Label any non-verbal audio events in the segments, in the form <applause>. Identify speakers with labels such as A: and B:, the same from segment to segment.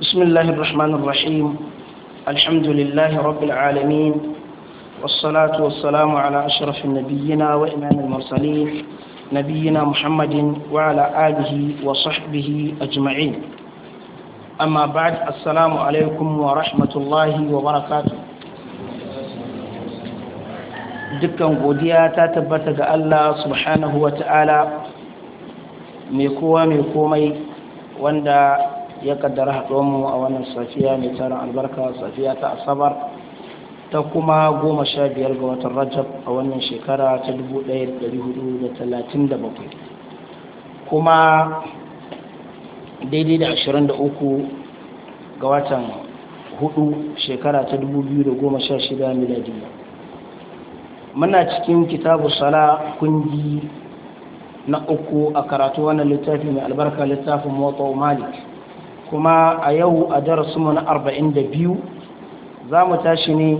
A: بسم الله الرحمن الرحيم الحمد لله رب العالمين والصلاة والسلام على أشرف النبيين وإمام المرسلين نبينا محمد وعلى آله وصحبه أجمعين أما بعد السلام عليكم ورحمة الله وبركاته dukkan godiya ta tabbata ga Allah subhanahu wa ta'ala mai kowa mai komai wanda ya kaddara mu a wannan safiya mai tarin albarka safiya ta asabar ta kuma goma sha biyar ga watan rajab a wannan shekara ta dubu ɗaya hudu da da talatin bakwai, kuma daidai da ashirin da uku ga watan hudu shekara ta dubu biyu da goma sha shida miladi muna cikin kitabu sala kungi na uku a karatu wannan littafi mai albarka littafin mota malik kuma a yau a darasinmu na arba'in da biyu za mu tashi ne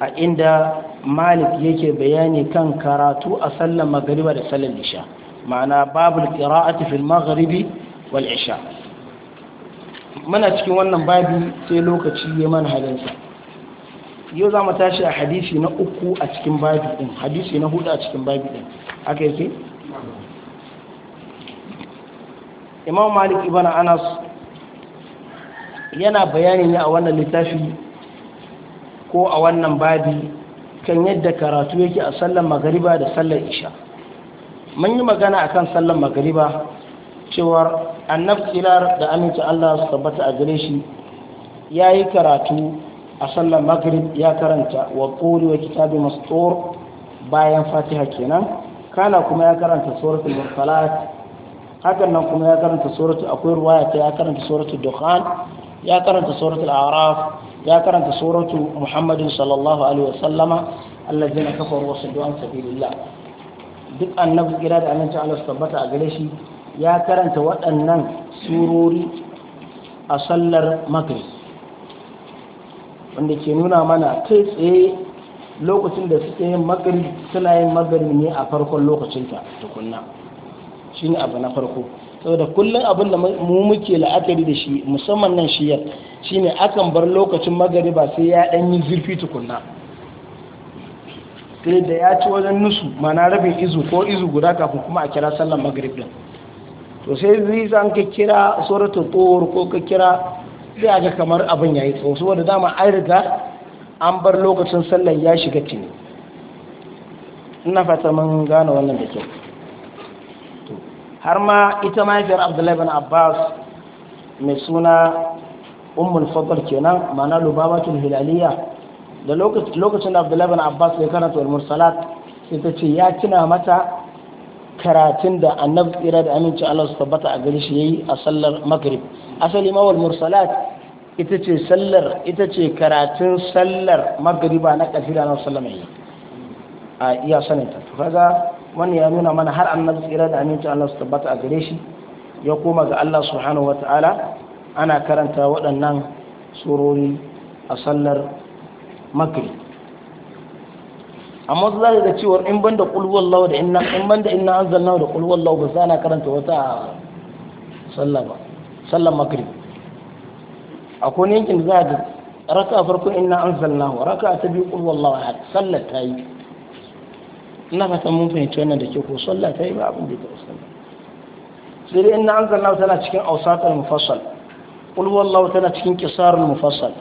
A: a inda malik yake bayani kan karatu a sallan magariba da sallan isha ma'ana babu qira'ati fil Magharibi wal isha muna cikin wannan babi sai lokaci ya mana halinsa yau za mu tashi a hadisi na uku a cikin babi din hadisi na hudu a cikin babi din haka yake imam malik ibn anas yana bayani ne a wannan littafi ko a wannan babi kan yadda karatu yake a sallar magariba da sallar isha mun yi magana akan sallar magariba cewa annab da aminci Allah su tabbata a gare shi yayi karatu a sallar magrib ya karanta wa ƙori wa kitabi mastur bayan fatiha kenan kana kuma ya karanta suratul mursalat hakan nan kuma ya karanta suratul akwai ruwaya ta ya karanta suratul dukhan ya karanta suratul araf ya karanta suratu muhammadu sallallahu alaihi wasallama allazina kafaru wasaddu an sabilillah duk annabi gida da annabi Allah tabbata a gare shi ya karanta waɗannan surori a sallar maghrib wanda ke nuna mana kai tsaye lokacin da suke yin maghrib suna yin maghrib ne a farkon lokacinta tukunna shine abu na farko saboda kullum abin da mu muke la'akari da shi musamman nan shiyar shine akan bar lokacin magariba sai ya dan yi zurfi tukunna sai da ya ci wajen nusu mana rabin izu ko izu guda kafin kuma a kira sallar magrib din to sai zai san ka kira suratul tur ko ka kira sai aga kamar abin yayi to saboda dama an riga an bar lokacin sallar ya shiga tini ina fata mun gane wannan da kyau har ma ita mahaifiyar abdullahi bin abbas mai suna Umar fadar kenan ma'ana lubabatul hilaliya da lokacin da abdullahi bin abbas ya karanta wal mursalat sai ta ce ya tuna mata karatun da annabi tsira da aminci Allah su tabbata a gari shi yayi a sallar maghrib asali ma wal mursalat ita ce sallar ita ce karatun sallar maghriba na kafira na sallama yi a iya sanin ta kaga Wani ya nuna mana har annabi tsira da aminci Allah su tabbata a gare shi ya koma ga Allah subhanahu wata'ala ana karanta waɗannan surori a sallar makri amma su zai da cewar in banda lau da inna in banda inna zanna da lau, ba sana karanta wata sallah ba sallar makri kone yankin za da raka farko inna wa raka ta biyu a sallar ta yi ina fatan mun fahimci wannan da ke ko sallah ta yi ba abin da ya taɓa sallah sai dai inna anzalna tana cikin awsatul mufassal qul wallahu tana cikin qisarul mufassal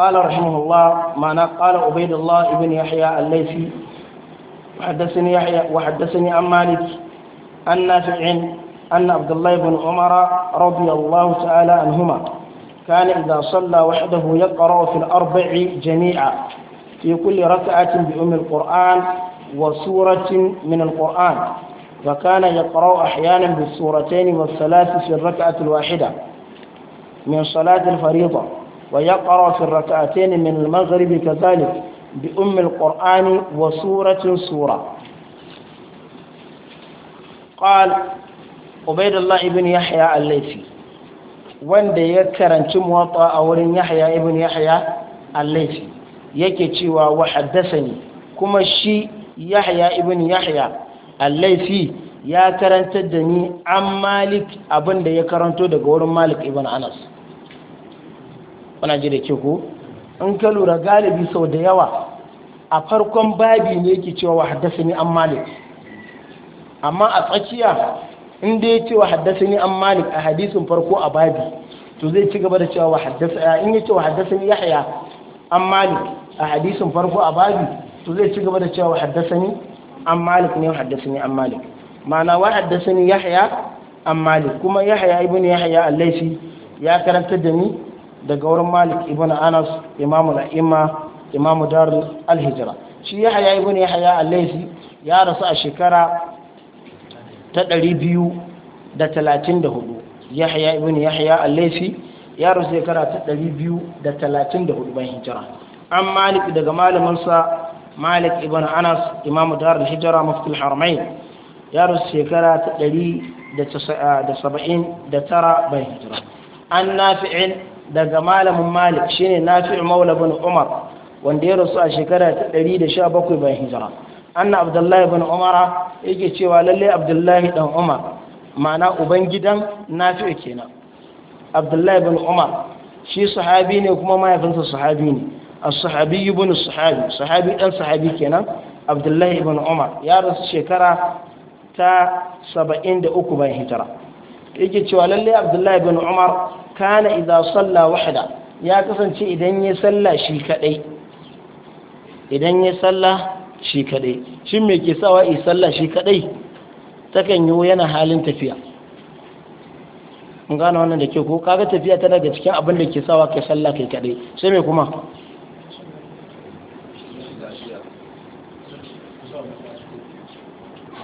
A: قال رحمه الله ما قال عبيد الله ابن يحيى الليثي وحدثني يحيى وحدثني عن مالك أن نافع أن عبد الله بن عمر رضي الله تعالى عنهما كان إذا صلى وحده يقرأ في الأربع جميعا في كل ركعة بأم القرآن وسورة من القرآن وكان يقرأ أحيانا بالسورتين والثلاث في الركعة الواحدة من صلاة الفريضة ويقرأ في الركعتين من المغرب كذلك بأم القرآن وسورة سورة قال عبيد الله بن يحيى الليثي wanda ya karanci muwatta a wurin yahya ibn yahya al yake cewa wa haddathani kuma shi yahya ibn yahya al ya karantar da ni an malik abinda ya karanto daga wurin malik ibn anas Wana ji da ke ku? in ka lura galibi sau da yawa a farkon babi ne yake cewa wa haddathani an malik amma a tsakiya in dai ya ce wa haddasa ni an malik a hadisin farko a babi to zai ci gaba da cewa wa haddasa in ya ce wa haddasa ni yahya an malik a hadisin farko a babi to zai ci gaba da cewa wa haddasa ni an malik ne wa haddasa ni an malik ma'ana wa haddasa ni yahya an malik kuma yahya ibn yahya al-laisi ya karanta da ni daga wurin malik ibn anas imamu na'ima imamu darul al-hijra shi yahya ibn yahya al-laisi ya rasu a shekara ta 234 yahya ibn yahya al-laifi ya rasu shekara ta 234 bayan hijira an malik daga malamansa malik ibn anas imamu darul hijira maftul haramain ya rasu shekara ta 179 bayan hijira an nafi'in daga malamin malik shine nafi'u maula bin umar wanda ya rasu a shekara ta 117 bayan hijira anna abdullahi bin umara yake cewa lalle abdullahi dan umar ma'ana uban gidan nafi'u kenan abdullahi bin umar shi sahabi ne kuma mahaifinsa sahabi ne as-sahabi ibn sahabi sahabi dan sahabi kenan abdullahi ibn umar ya rasu shekara ta 73 bayan hijira yake cewa lalle abdullahi bin umar kana idza salla wahda ya kasance idan ya salla shi kadai idan ya salla shi kadai shin me ke sawa yi sallah shi kadai takan yi yana halin tafiya in wannan da ke ko kaga tafiya tana daga cikin abin da ke sawa kai sallah kai kadai sai me kuma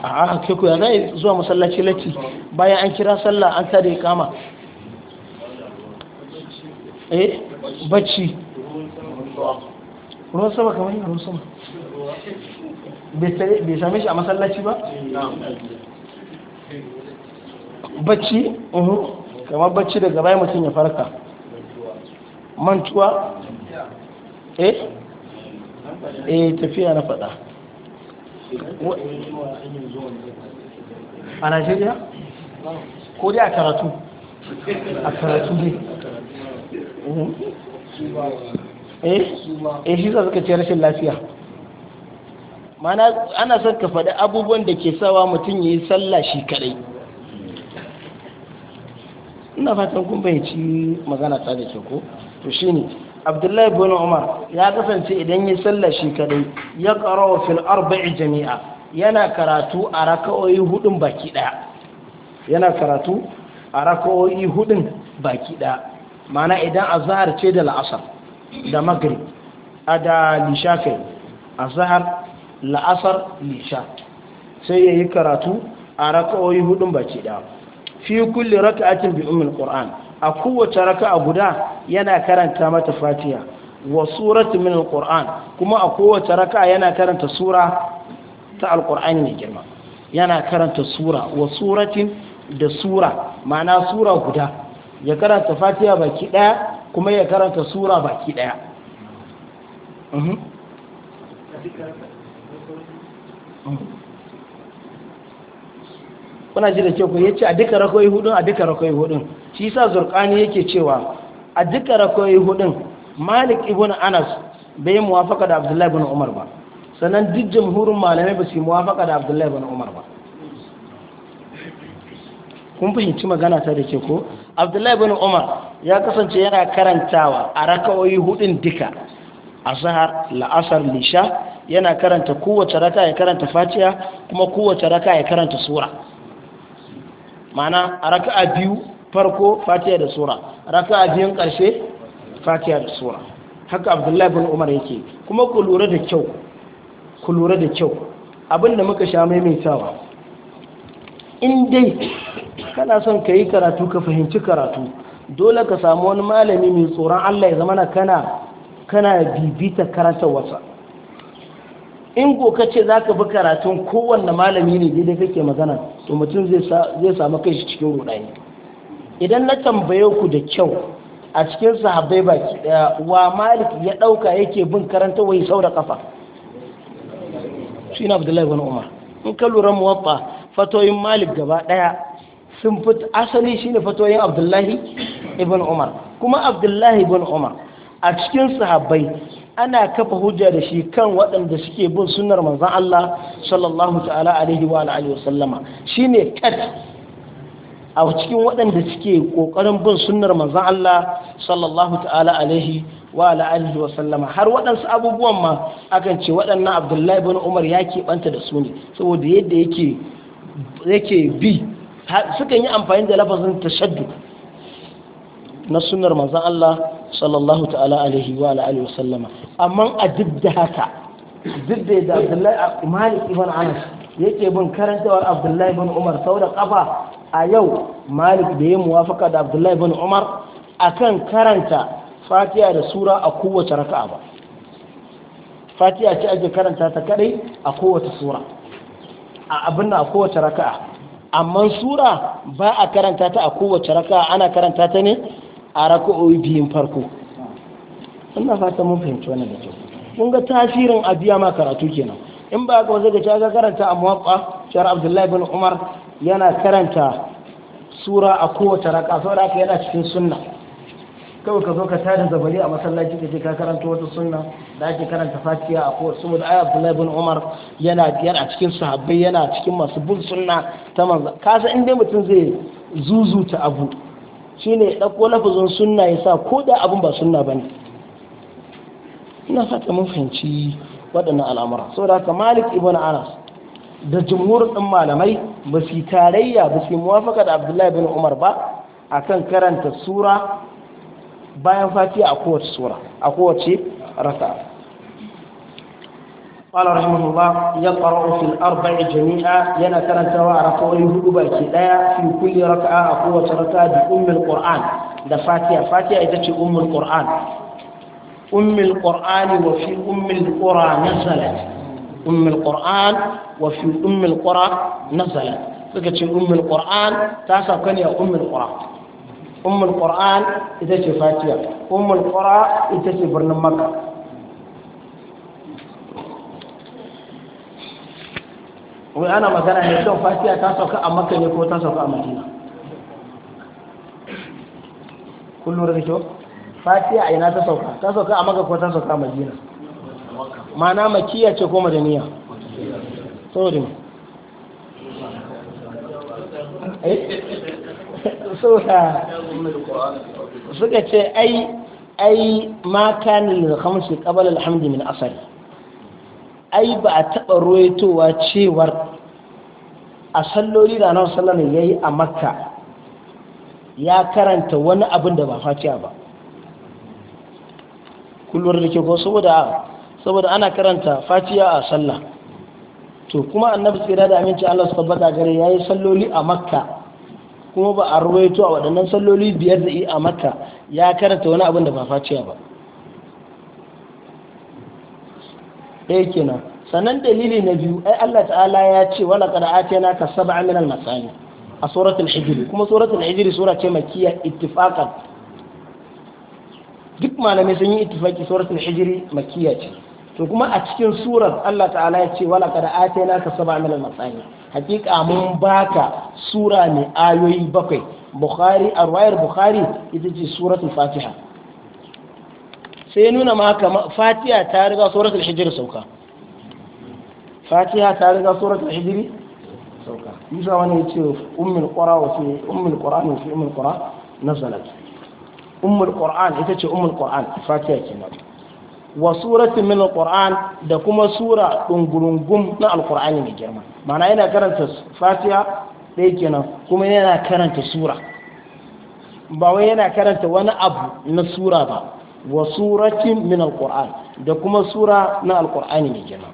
B: a ke ku ya zai zuwa masallaci latti bayan an kira sallah an tare kama eh bacci
A: ruwan sama kamar yin ruwan sama bai same shi a masallaci ba bacci kamar bacci daga bayan mutum ya farka mantuwa eh eh tafiya na fada a najeriya ko dai a karatu a karatu dai eh? eh shi za suka ce rashin lafiya mana ana son ka faɗi abubuwan da ke sawa mutum ya yi sallah shi kaɗai ina fatan kun bayyaci magana ta da ke ko to ne abdullahi bin umar ya kasance idan ya yi sallah shi kaɗai ya wa fil arba'i jami'a yana karatu a raka'o'i hudun baki ɗaya yana karatu a raka'o'i hudun baki ɗaya mana idan azhar ce da la'asar da maghrib a da lishafin azhar la'asar nisha sai ya yi karatu a raka'o'i hudun baki ɗaya fi kulli raka'atin bi ummul qur'an a kowace raka'a guda yana karanta mata fatiha wa suratu min alquran kuma a kowace raka'a yana karanta sura ta alqur'ani ne girma yana karanta sura wa suratin da sura ma'ana sura guda ya karanta fatiya baki ɗaya kuma ya karanta sura baki ɗaya mhm. kuna ji da kyau ya yace a duka rakoyi hudun a duka rakoyi hudun shi yasa zurqani yake cewa a duka rakoyi hudun malik ibn anas bai muwafaka da abdullahi ibn umar ba sannan duk jamhurin malamai ba su muwafaka da abdullahi ibn umar ba kun fahimci magana ta da ke ko abdullahi ibn umar ya kasance yana karantawa a rakoyi hudun duka zahar la'asar lisha yana karanta kowace raka ya karanta fatiya kuma kowace raka ya karanta sura ma'ana a raka a biyu farko fatiya da sura raka a biyun karshe fatiya da sura haka abdullahi bin umar yake kuma ku lura da kyau ku lura da kyau abinda muka sha maimaitawa in dai kana son ka yi karatu ka fahimci karatu dole ka samu wani malami mai tsoron allah ya zama kana kana bibita karanta wasa in ko ka ce za ka bi karatun kowanne malami ne daidai kake magana to mutum zai samu kai shi cikin rudani idan na tambaye ku da kyau a cikin sahabbai baki wa malik ya dauka yake bin karanta wai sau da kafa shi na abdullahi wani umar in ka lura muwaffa fatoyin malik gaba daya sun fit asali shine fatoyin abdullahi ibn umar kuma abdullahi ibn umar a cikin sahabbai ana kafa hujja da shi kan waɗanda suke bin sunnar manzan Allah sallallahu ta'ala alaihi wa alihi wa sallama shine kat a cikin waɗanda suke ƙoƙarin bin sunnar manzan Allah sallallahu ta'ala alaihi wa alihi wa sallama har waɗansu abubuwan ma akan ce waɗannan Abdullahi bin Umar ya keɓanta da su ne saboda yadda yake yake bi sukan yi amfani da lafazin tashaddud na sunnar manzan Allah sallallahu ta'ala alaihi wa alihi wa sallama amma a duk da haka duk da yadda abdullahi malik ibn anas yake bin karantawar abdullahi ibn umar sau da kafa a yau malik da ya muwafaka da abdullahi ibn umar akan karanta fatiha da sura a kowace raka'a ba fatiha ce ake karanta ta kadai a kowace sura a abin a kowace raka'a amma sura ba a karanta ta a kowace raka'a ana karanta ta ne a raka'o'i biyun farko ina fata mun fahimci wannan da kyau kun ga tasirin abiya ma karatu kenan in ba ka wasu gaci ga karanta a muwaƙa shara abdullahi bin umar yana karanta sura a kowace raka da aka yana cikin sunna kawai ka zo ka tada zabari a masallaci ka je ka karanta wata sunna da ake karanta fatiha a kowace da ayi abdullahi bin umar yana yana cikin sahabbai yana cikin masu bin sunna ta manzo ka san inda mutum zai zuzuta abu shine ɗauko lafazin sunna ya sa ko da abun ba sunna ne. ina fata mun fahimci waɗannan al'amura da haka malik ibn anas da jumhur ɗin malamai ba su tarayya ba su muwafaka da abdullahi bin umar ba akan karanta sura bayan fatiha a kowace sura a kowace rasa قال رحمه الله يقرأ في الأربع جميعا ينا كرنت وعرفه يهدب كدايا في كل ركعة أقوة ركعة بأم القرآن ده فاتحة فاتحة إذا أم القرآن أم القرآن وفي أم القرى نزلت أم القرآن وفي أم القرى نزلت فكتش أم القرآن تاسع كان يا أم القرى أم القرآن إذا فاتية أم القرى إذا برن مكة وأنا مثلا magana ne shan fatiha مكة يكون a makka ne كل ta sauka Fatiya a ina ta sauka ta sauka a maka ko ta sauka a madina ma'ana makiya ce ko madaniya eh? <laughs> saboda suka ce ai ai ma kana lil khamsi alhamdi min asari ai ba a taba ruwaitowa cewar a salloli da nan ya yayi a makka ya karanta wani abin da ba Fatiya ba kullum da ke ko saboda ana karanta fatiya a sallah to kuma annabi tsira da aminci Allah su tabbata gare yayi yi salloli a makka kuma ba a ruwaito a waɗannan salloli biyar da yi a makka ya karanta wani abin da ba fatiya ba eh kenan sannan dalili na biyu ai Allah ta'ala ya ce wala qad atayna ka sab'a min al-masani a suratul hijr kuma suratul hijr sura ce makkiya ittifaqan duk malamai sun yi ittifaki al hijri makkiya ce to kuma a cikin surar Allah ta'ala ya ce wala kada atayna ka sab'a min al-masani hakika mun baka sura ne ayoyi bakwai bukhari arwayar bukhari ita ce suratul fatiha sai nuna maka fatiha ta riga suratul hijri sauka fatiha ta riga suratul hijri sauka musa wani ya ce ummul qura wa fi ummul qur'an fi ummul qura nazalat ummul qur'an ita ce ummul qur'an fatiha kenan wa suratin min alquran da kuma sura dungurungum na alqur'ani mai girma ma'ana yana karanta fatiha dai kenan kuma yana karanta sura ba wai yana karanta wani abu na sura ba wa suratin min alquran da kuma sura na alqur'ani mai girma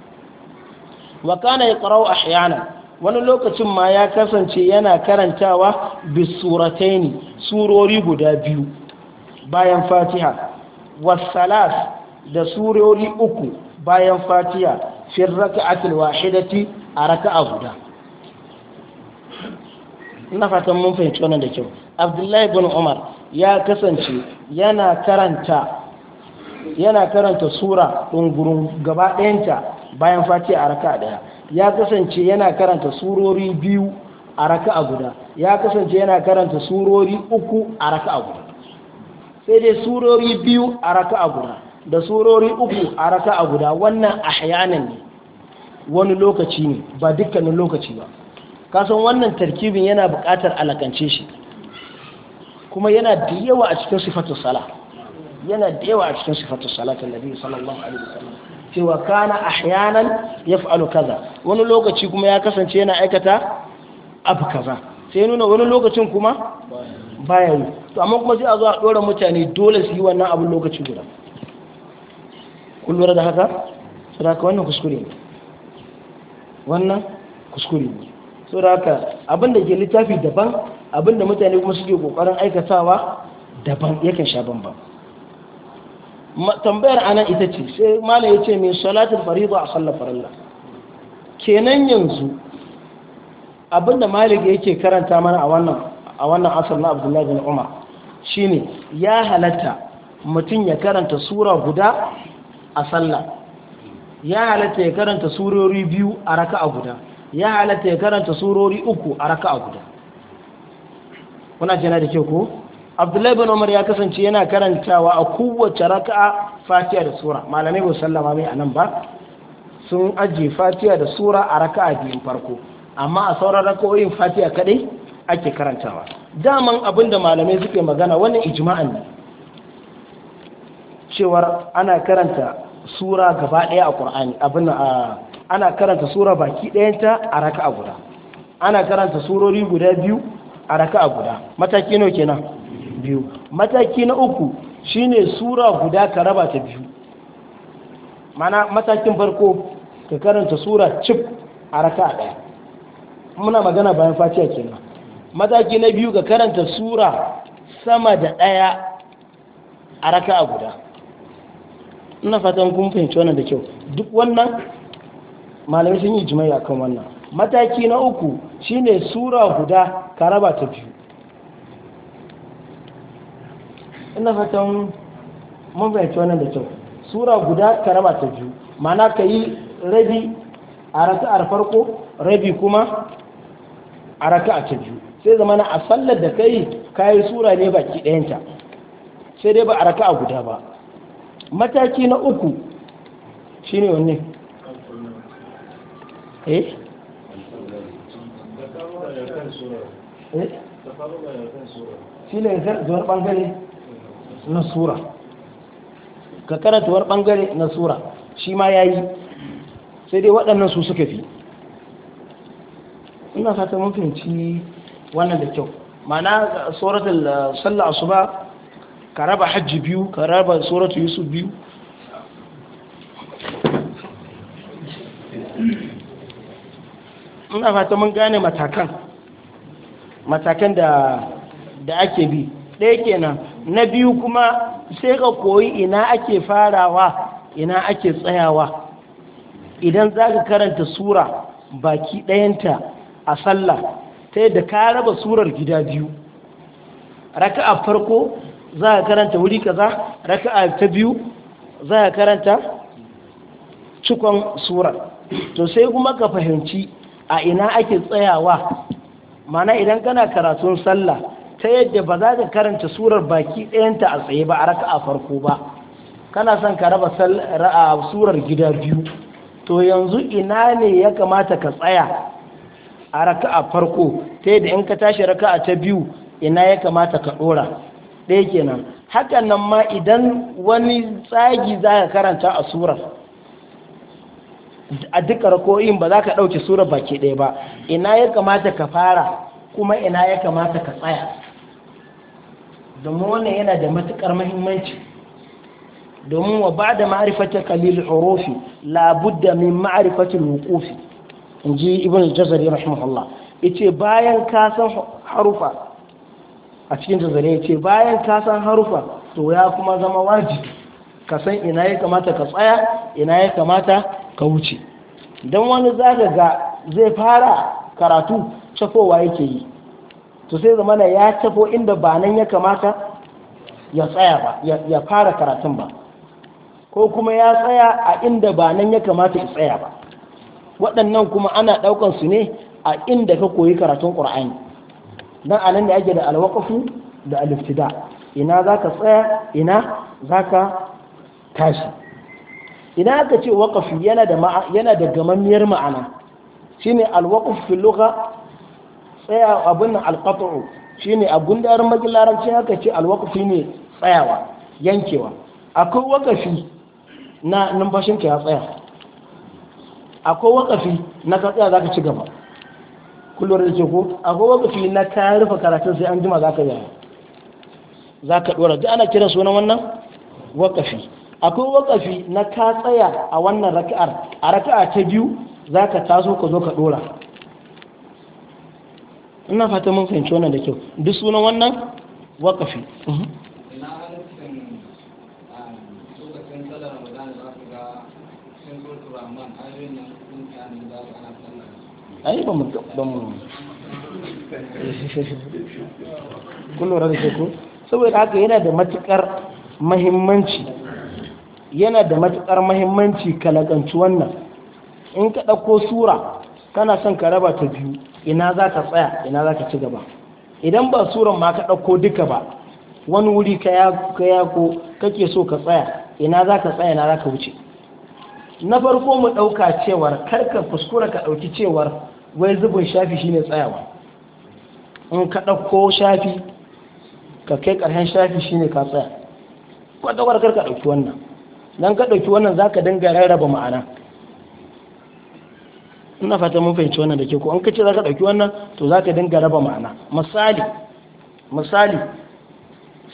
A: wa kana yaqra'u ahyana wani lokacin ma ya kasance yana karantawa bisurataini surori guda biyu bayan fatiha wasalas da surori uku bayan fatiha fi raka'atul wahidati a raka'a guda ina fatan mun fahimci wannan da kyau abdullahi bin umar ya kasance yana karanta yana karanta sura ɗungurun gaba ɗayanta bayan fatiha a raka'a ɗaya ya kasance yana karanta surori biyu a raka'a guda ya kasance yana karanta surori uku a raka'a guda sai dai surori biyu a raka'a guda da surori uku a raka'a guda wannan hayanan ne wani lokaci ne ba dukkanin lokaci ba kasan wannan tarkibin yana buƙatar alakance shi kuma yana da yawa a cikin sifatu sala yana da yawa a cikin sifatu ta nabi sallallahu alaihi wasallam cewa kana ahyanan yaf'alu kaza wani lokaci kuma ya kasance yana aikata abu kaza sai nuna wani lokacin kuma baya yi to amma kuma sai a zo a ɗora mutane dole su yi wannan abin lokaci guda kun lura da haka su haka wannan kuskure ne wannan kuskure ne su haka abin da ke littafi daban abin da mutane kuma suke kokarin aikatawa daban yakan sha bamban tambayar anan ita ce sai malam ya ce mai salatin faridu a sallar farilla kenan yanzu abinda malik yake karanta mana a wannan a wannan asar na abdullahi bin umar shine ya halatta mutum ya karanta sura guda a sallah ya halatta ya karanta surori biyu a raka'a guda ya halatta ya karanta surori uku a raka'a guda kuna jana da kyau ko abdullahi bin umar ya kasance yana karantawa a kowace raka'a fatiha da sura malamai ba sallama mai anan ba sun ajiye fatiha da sura a raka'a biyun farko amma a sauran raka'o'in fatiha kadai ake karantawa daman abin da malamai suke magana wannan ijma'an ne cewar ana karanta sura gaba daya a ƙur'ani abin ana karanta sura baki ɗayanta a raka a guda ana karanta surori guda biyu a raka a guda mataki nawa kenan biyu mataki na uku shine sura guda ka raba ta biyu mana matakin farko ka karanta sura cif a raka a ɗaya muna magana bayan faciya kenan mataki na biyu ka karanta sura sama da ɗaya a raka a guda ina fatan kun fahimci wannan da kyau duk wannan malamai sun yi jimai akan wannan mataki na uku shine sura guda ka raba ta biyu ina fatan mun fahimci wannan da kyau sura guda ka raba ta biyu mana ka yi rabi a a farko rabi kuma a raka a ta biyu sai zama na a sallar da kai kayi sura ne baki ɗayanta sai dai ba a raka a guda ba mataki na uku ne wanne eh? eh? shi ne zuwar ɓangare na sura ka ɓangare na sura shi ma ya yi sai dai waɗannan su suka fi ina fata mun fahimci wannan da kyau mana suratul uh, sallah asuba ka raba hajji biyu ka raba suratul yusuf biyu ina fata mun gane matakan matakan da ake bi ɗaya kenan na biyu kuma sai ka koyi ina ake farawa ina ake tsayawa idan za ka karanta sura baki ɗayanta a sallah ta yadda ka raba surar gida biyu raka'a farko za ka karanta wuri kaza raka'a ta biyu za ka karanta cikon surar to sai kuma ka fahimci a ina ake tsayawa mana idan kana karatun sallah ta yadda ba za ka karanta surar baki ɗayanta a tsaye ba a raka'a farko ba kana son ka raba surar gida biyu to yanzu ina ne ya kamata ka tsaya a raka'a farko ta da in ka tashi raka'a ta biyu ina ya kamata ka ɗora ɗaya kenan hakan nan ma idan wani tsagi za ka karanta a surar a duka rako'in ba za ka ɗauke surar baki ɗaya ba ina ya kamata ka fara kuma ina ya kamata ka tsaya domin wannan yana da matuƙar mahimmanci domin wa ba da ma'arifatar kalilu hurufi labudda min ma'arifatar hukufi in ji ibn jazari rahimahullah yace bayan ka san harufa a cikin jazari yace bayan ka san harufa to ya kuma zama wajibi ka san ina ya kamata ka tsaya ina ya kamata ka wuce dan wani zaka ga zai fara karatu tafowa yake yi to sai zamana ya tafo inda ba nan ya kamata ya tsaya ba ya fara karatun ba ko kuma ya tsaya a inda ba nan ya kamata ya tsaya ba waɗannan kuma ana ɗaukan su ne a inda ka koyi karatun ƙur'ani dan anan da ake da alwaqafu da aliftida ina za ka tsaya ina za ka tashi Ina aka ce waqafi yana da yana da gamammiyar ma'ana shine alwaqaf fi lugha tsaya abun Shi ne a gundarin magilaranci haka ce alwaqafi ne tsayawa yankewa akwai waqafi na numfashinka ya tsaya akwai wakafi na ka za zaka ci gaba kullum da ke ko akwai wakafi na kayan rufe karatun sai an jima ka yaya ka dora duk ana kira sunan wannan wakafi akwai wakafi na ka tsaya a wannan raka'ar a raka'a ta biyu zaka taso ka zo ka dora ina fata mun fahimci wannan da kyau duk sunan wannan wakafi mhm. ai ba mu ba mu kun lura da saboda haka yana da matukar mahimmanci yana da matukar mahimmanci kalakanci wannan in ka ɗauko sura kana son ka raba ta biyu ina za ka tsaya ina za ka ci gaba idan ba suran ma ka ɗauko duka ba wani wuri ka yako kake so ka tsaya ina za ka tsaya ina za ka wuce na farko mu ɗauka cewar karka fuskura ka ɗauki cewar wai zubin shafi shine tsayawa in ka ɗauko shafi ka kai ƙarshen shafi shine ka tsaya kwatawar karka ɗauki wannan don ka ɗauki wannan za ka dinga rarraba ma'ana ina fata mun fahimci wannan da ke ko an ka ce za ka ɗauki wannan to za ka dinga raba ma'ana misali misali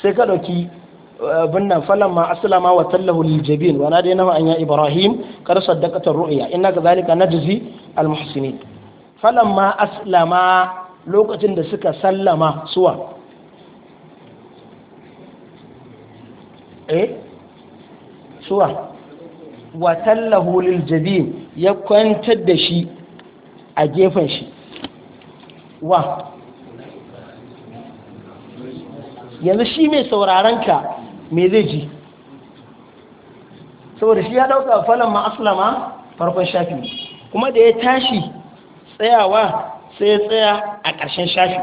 A: sai ka ɗauki binnan falan ma aslama wa tallahu lil jabin wa nadaynahu an ya ibrahim kar saddaqata ru'ya inna kadhalika najzi al muhsinin falan ma aslama lokacin da suka sallama suwa eh suwa wa tallahu lil jabin ya kwantar da shi a gefen shi wa yanzu shi mai sauraron ka me zai ji saboda shi ya dauka falon ma aslama farkon shafi kuma da ya tashi tsayawa sai ya tsaya a ƙarshen shafi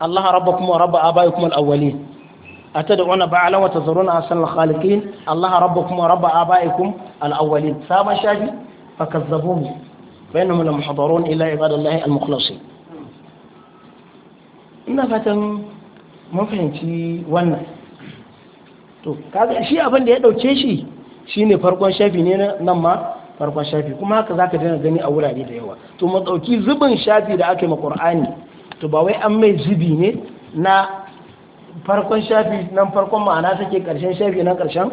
A: Allah rabba kuma rabba abai kuma al'awwali a ta da wani ba'alan wata zaro na asalin khalikin Allah rabba kuma rabba abai kuma al'awwali sabon shafi fakar zabu bayan mu da muhadarun ila ibadallahi al-mukhlasin ina fatan mun fahimci wannan to kaga shi abin da ya dauke shi shine farkon shafi ne nan ma farkon shafi kuma haka zaka dena gani a wurare da yawa to mu dauki zubin shafi da aka yi ma Qur'ani to ba wai an mai zubi ne na farkon shafi nan farkon ma'ana take karshen shafi nan karshen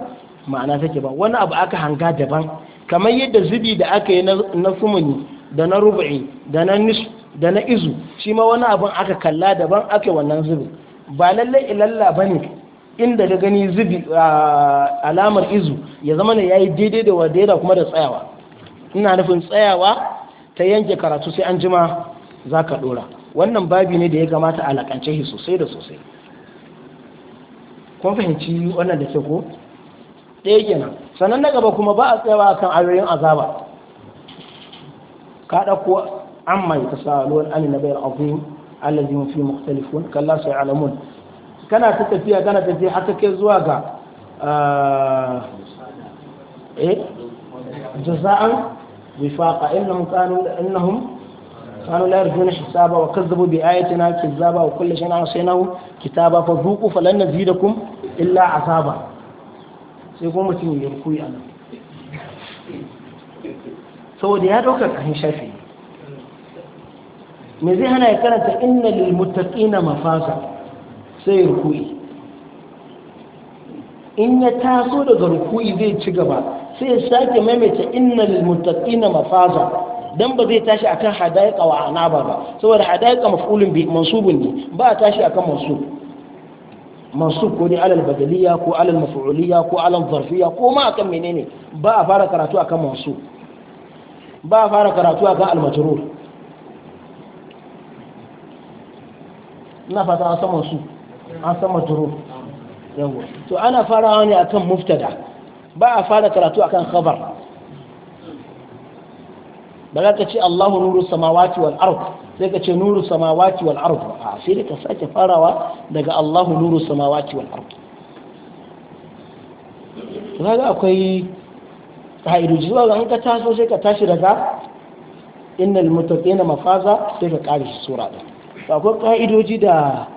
A: ma'ana take ba wani abu aka hanga daban kamar yadda zubi da aka yi na sumuni da na rubu'i da na nisu da na izu shi ma wani abin aka kalla daban aka wannan zubin ba lallai ilalla ba ne inda da gani zubi alamar izu ya zama ne ya yi daidai da wadaida kuma da tsayawa ina nufin tsayawa ta yanke karatu sai an jima za ka ɗora wannan babi ne da ya kamata a lakance shi sosai da sosai kuma fahimci wannan da ke ko ɗaya kenan sannan na gaba kuma ba a tsayawa kan ayoyin azaba ka ɗauko an mai ta sa allazi hum fi mukhtalifun kalla alamun kana ta tafiya kana tafiya haka ke zuwa ga eh jaza'an wifaqa innahum kanu innahum kanu la yarjuna hisaba wa kazzabu bi ayatina kizzaba wa kullu shay'in asaynahu kitaba fa dhuqu falan nazidakum illa asaba sai kuma mutum ya rukuya saboda ya dauka kan shafi me zai hana ya karanta inna lil muttaqina mafasa sai rukui in ya taso daga rukui zai ci gaba sai ya sake maimaita inna lil muttaqina mafasa dan ba zai tashi akan hadaiqa wa anaba ba saboda hadaiqa maf'ulun bi mansubun ne ba tashi akan mansub mansub ko ne alal badaliya ko alal maf'uliya ko alal zarfiya ko ma akan menene ba a fara karatu akan mansub ba a fara karatu akan al majrur ina fata an sama su an sama turu yawa to ana farawa ne akan muftada ba a fara karatu akan khabar ba za ka ce Allahu nuru samawati wal ard sai ka ce nuru samawati wal ard a sai ka sake farawa daga Allahu nuru samawati wal ard kaga akwai ka'idoji zuwa ga ka taso sai ka tashi daga innal muttaqina mafaza sai ka kare sura din to akwai ƙa'idoji da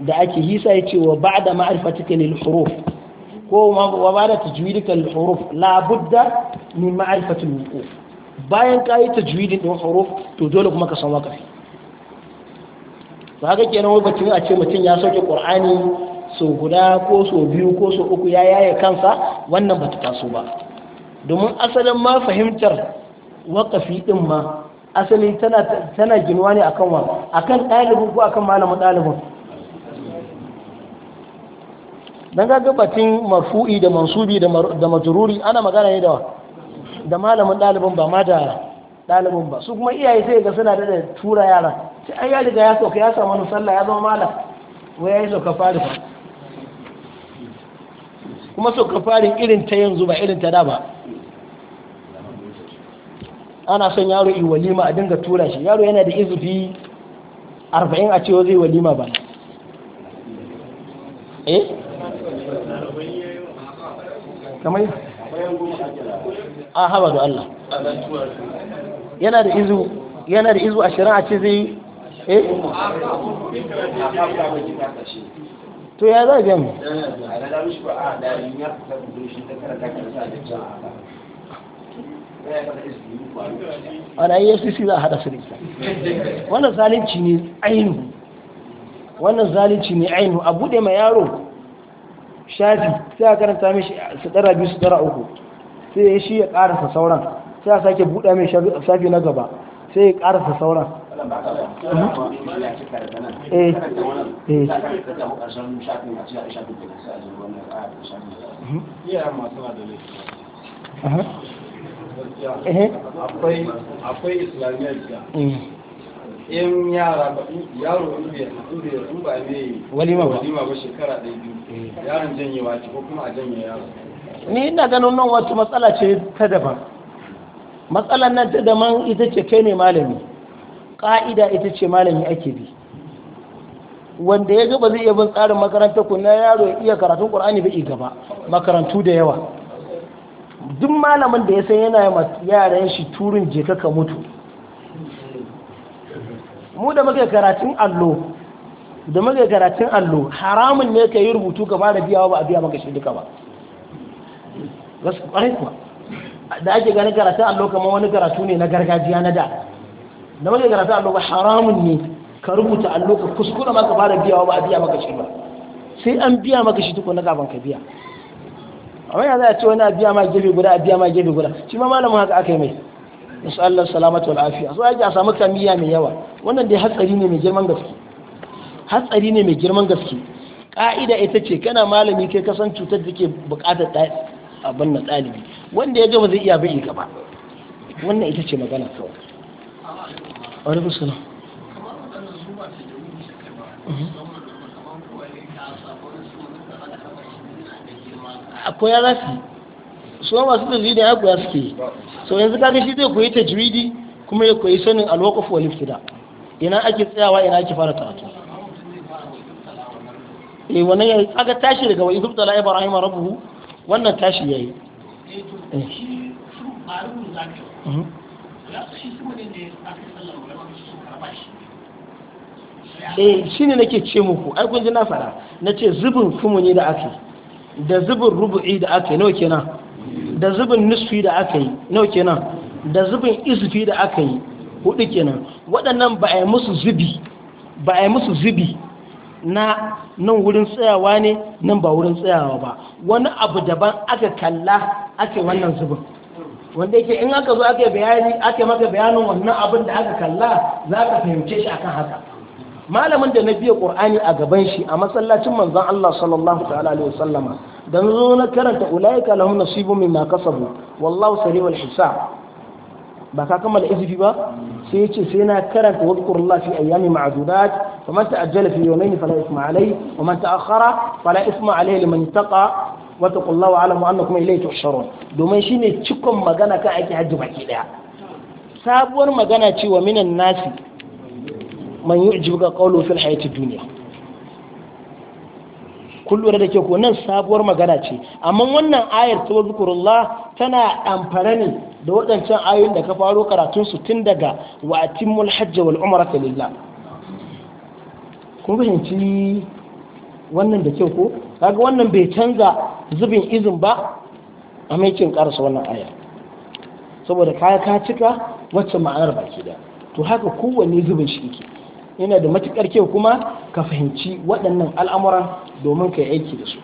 A: da ake hisa yace wa ba'da ma'rifatika lil huruf ko wa ba da lil huruf la budda min ma'rifati al wuquf bayan kai tajwidin da huruf to dole kuma ka san waqafi Ba haka kenan wai batun a ce mutum ya sauke qur'ani so guda ko so biyu ko so uku ya yaye kansa wannan bata taso ba domin asalin ma fahimtar wakafi din ma asali tana ginuwa ne akan wa akan ɗalibin ko akan malamin ɗalibin dan ga gabatin Mafu'i da mansubi da majruri ana magana ne da da malamin ɗalibin ba ma da ɗalibin ba su kuma iyaye sai ga suna da tura yara sai an ya riga ya sauka ya samu wani sallah ya zama malam wai ya yi sauka fari ba kuma sauka farin irin ta yanzu ba irin ta da ba ana son yaro yi walima a dinga tura shi yaro yana da izufi 40 a cewa zai walima ba eh kamar a
B: ah, haba da Allah yana da izu
A: yana da izu a shirin a ce zai eh to ya za a gami wani sisi za a hada su nisa wannan zalunci ne ainihu wannan zalunci ne ainihu a bude ma yaro shafi sai a karanta mishi su dara biyu su dara uku sai ya shi ya karasa sauran sai a sake buɗa mai shafi na gaba sai ya karasa sauran
B: Uh-huh. akwai
A: islamiyar da mm. in yara yaro in ba ne walima ba shekara ɗaya biyu mm. yaron janyewa ce ko kuma a janye yaro ni ina ganin nan wata matsala ce ta daban matsalan nan ta daban ita ce kai ne malami ƙa'ida ita ce malami ake bi wanda ya ga ba zai iya bin tsarin makarantar ku na yaro ya iya karatun ƙur'ani bai gaba makarantu da yawa duk malamin da ya san yana yaran shi turin je ka mutu mu da muke karatun allo da muke karatun allo haramun ne ka yi rubutu ka fara biyawa ba a biya maka shi duka ba da ake ganin karatun allo kamar wani karatu ne na gargajiya na da da muke karatun allo ba haramun ne ka rubuta allo ka kuskura maka fara biyawa ba a biya maka shi ba sai an biya maka shi tukuna gaban ka biya amma yanzu a ce wani a biya ma gefe guda a biya ma gefe guda shi ma malamin haka aka yi mai nasu Allah salamatu wal afiya so ake a samu kamiya mai yawa wannan dai hatsari ne mai girman gaske hatsari ne mai girman gaske ka'ida ita ce kana malami kai kasan cutar da ke bukatar abin na ɗalibi wanda ya gama zai iya bai gaba wannan ita ce magana kawai wani musulun akwai ya zafi su su ma masu da ya kuwa suke so yanzu kaga shi zai koyi tajwidi kuma ya koyi sanin alwaqaf wa liftida ina ake tsayawa ina ake fara karatu e wannan ya tsaga tashi daga wa izubta la ibrahim rabbuhu wannan tashi yayi
B: eh shine eh. mm-hmm.
A: eh, nake ce muku ai kun ji na fara nace zubin kuma ne da ake da zubin rubu'i da aka yi nawa kenan da zubin nisfi da aka yi nawa kenan da zubin isfi da aka yi hudu kenan waɗannan ba a yi musu zubi ba a yi musu zubi na nan wurin tsayawa ne nan ba wurin tsayawa ba wani abu daban aka kalla ake wannan zubin wanda yake in aka zo aka bayani ake maka bayanin wannan abin da aka kalla za ka fahimce shi akan haka malamin da na biya qur'ani a gaban shi a masallacin manzon Allah sallallahu ta'ala alaihi dan zo na karanta ulaika lahum nasibun mimma kasabu wallahu sari'ul hisab ba ka kammala izifi ba sai yace sai na karanta wadkurullah fi ayyami ma'dudat ta'ajjala fi yawmayni fala isma alayhi ta'akhkhara fala isma alayhi liman taqa annakum ilayhi tuhsharun domin shine cikon magana kan aiki hajji baki daya sabuwar magana cewa minan nasi man yi yu'jibuka kawo fil hayati duniya. kun da ke ko nan sabuwar magana ce amma wannan ayar ta zukurullah tana amfara ne da waɗancan ayoyin da ka faro karatun su tun daga wa atimul hajj wal umrata lillah kun fahimci wannan da ke ko kaga wannan bai canza zubin izin ba a maikin karasa wannan aya saboda kaya ka cika wacce ma'anar baki da to haka kowanne zubin shi yake yana da matuƙar kyau kuma ka fahimci waɗannan al'amuran domin ka yi aiki da su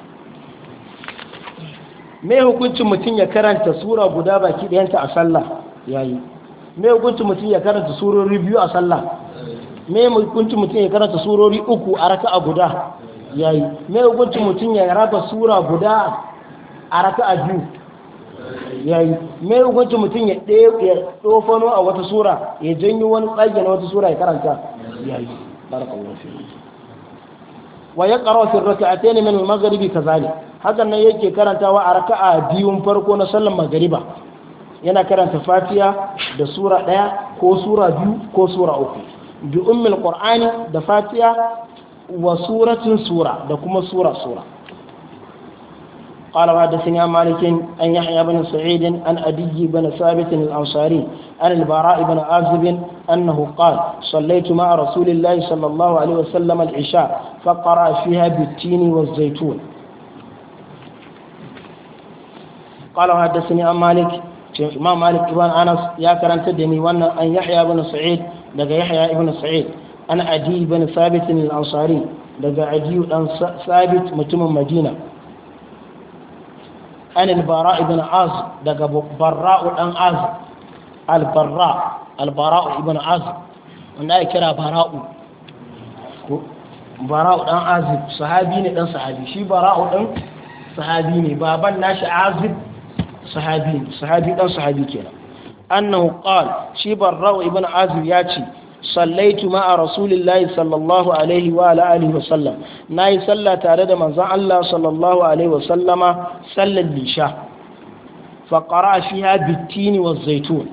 A: mai hukuncin mutum ya karanta sura guda baki ɗayanta a sallah yi. mai hukuncin mutum ya karanta surori biyu a sallah mai hukuncin mutum ya karanta surori uku a raka a guda yi. mai hukuncin mutum ya raka sura guda a raka a biyu yayi mai hukunci mutum ya tsofano a wata sura ya janyo wani tsage na wata sura ya karanta yayi barakallahu fi wa ya qara fi rak'atayn mai magaribi ka zane hakan nan yake karantawa a raka'a biyun farko na sallar magariba, yana karanta Fatiya da sura ɗaya ko sura biyu ko sura uku bi ummil qur'ani da Fatiya wa suratin sura da kuma sura sura قال وحدثني مالك أن يحيى بن سعيد أن أبي بن ثابت الأنصاري عن البراء بن عازب أنه قال صليت مع رسول الله صلى الله عليه وسلم العشاء فقرأ فيها بالتين والزيتون قال وحدثني عن مالك إمام مالك بن أنس يا كرنت دني وانا أن يحيى بن سعيد لقى يحيى بن سعيد أنا عدي بن ثابت الأنصاري لقى عدي بن ثابت متم مدينة an albara ibn az daga barra'u dan az albara albara'u ibn az wanda ya kira bara'u bara'u dan azib sahabi ne dan sahabi shi bara'u dan sahabi ne baban nashi azib sahabi sahabi dan sahabi kenan annahu qala shi barra'u ibn azib ya ce صليت مع رسول الله صلى الله عليه وعلى آله وسلم ناي صلى تارد من الله صلى الله عليه وسلم صلى النشاء فقرأ فيها بالتين والزيتون